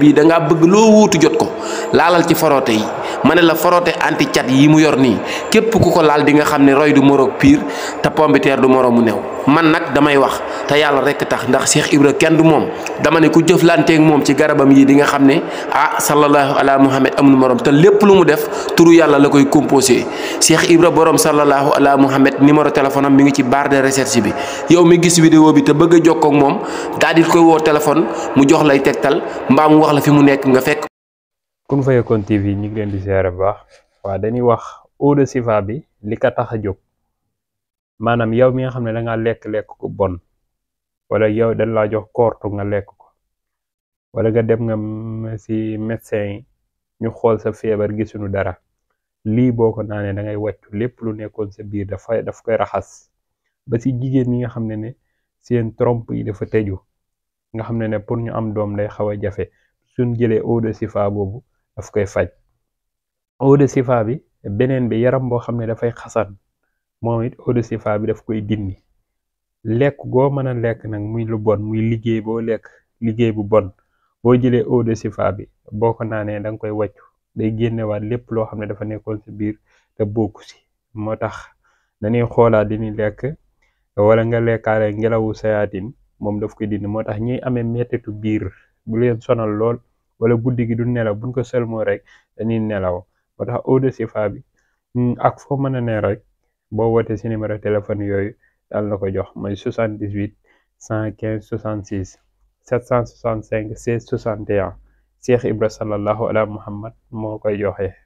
bii danga bëgg loo wutu jot ko laalal ci foroote yi ma ne la frotté anti cat yi mu yor nii képp ku ko laal di nga xam ne roy du moroog pire te pombiteer du moroomu new man nag damay wax te yàlla rekk tax ndax Cheikh Ibra kenn du moom dama ne ku jëflanteeg moom ci garabam yi di nga xam ne ah sallallahu ala muhammad amul morom te lépp lu mu def turu yàlla la koy composé Cheikh Ibra borom sallallahu ala muhammad numéro téléphone am mi ci barre de recherche bi yow mi gis vidéo bi te bëgg a jokkoo ak jox lay tegtal Kun Fayakoun TV ñu ngi leen di ziare bu baax waaw dañuy wax eau de Sifa bi li ko tax a jóg maanaam yow mi nga xam ne danga ngaa lekk lekk ko bon wala yow dañ laa jox koortu nga lekk ko wala nga dem nga si médecin yi ñu xool sa feebar gisuñu dara lii boo ko naanee da ngay wàccu lépp lu nekkoon sa biir dafa daf koy raxas ba si jigéen ñi nga xam ne ne seen tromp yi dafa tëju nga xam ne ne pour ñu am doom day xaw a jafe suñ jëlee eau de Sifa boobu. daf koy faj eau de sifa bi beneen bi yaram boo xam ne dafay xasan moom it eau de sifa bi daf koy dindi lekk goo mën a lekk nag muy lu bon muy liggéey boo lekk liggéey bu bon boo jëlee eau de sifa bi boo ko naanee da nga koy wàccu day génnewaat lépp loo xam ne dafa nekkoon si biir te bokku si moo tax dañuy xoolaat di ni lekk wala nga lekkaale ngelawu sayaatin moom daf koy dindi moo tax ñuy ame mettitu biir bu leen sonal lool wala guddi gi du nelaw buñ ko sëlmoo rek dañuy nelaw ba tax eau bi mm, ak foo mën a ne rek boo wootee si numéro téléphone yooyu daal la ko jox mooy 78 115 66 765 16 61 Cheikh Ibra sallallahu ala Muhammad moo koy joxe.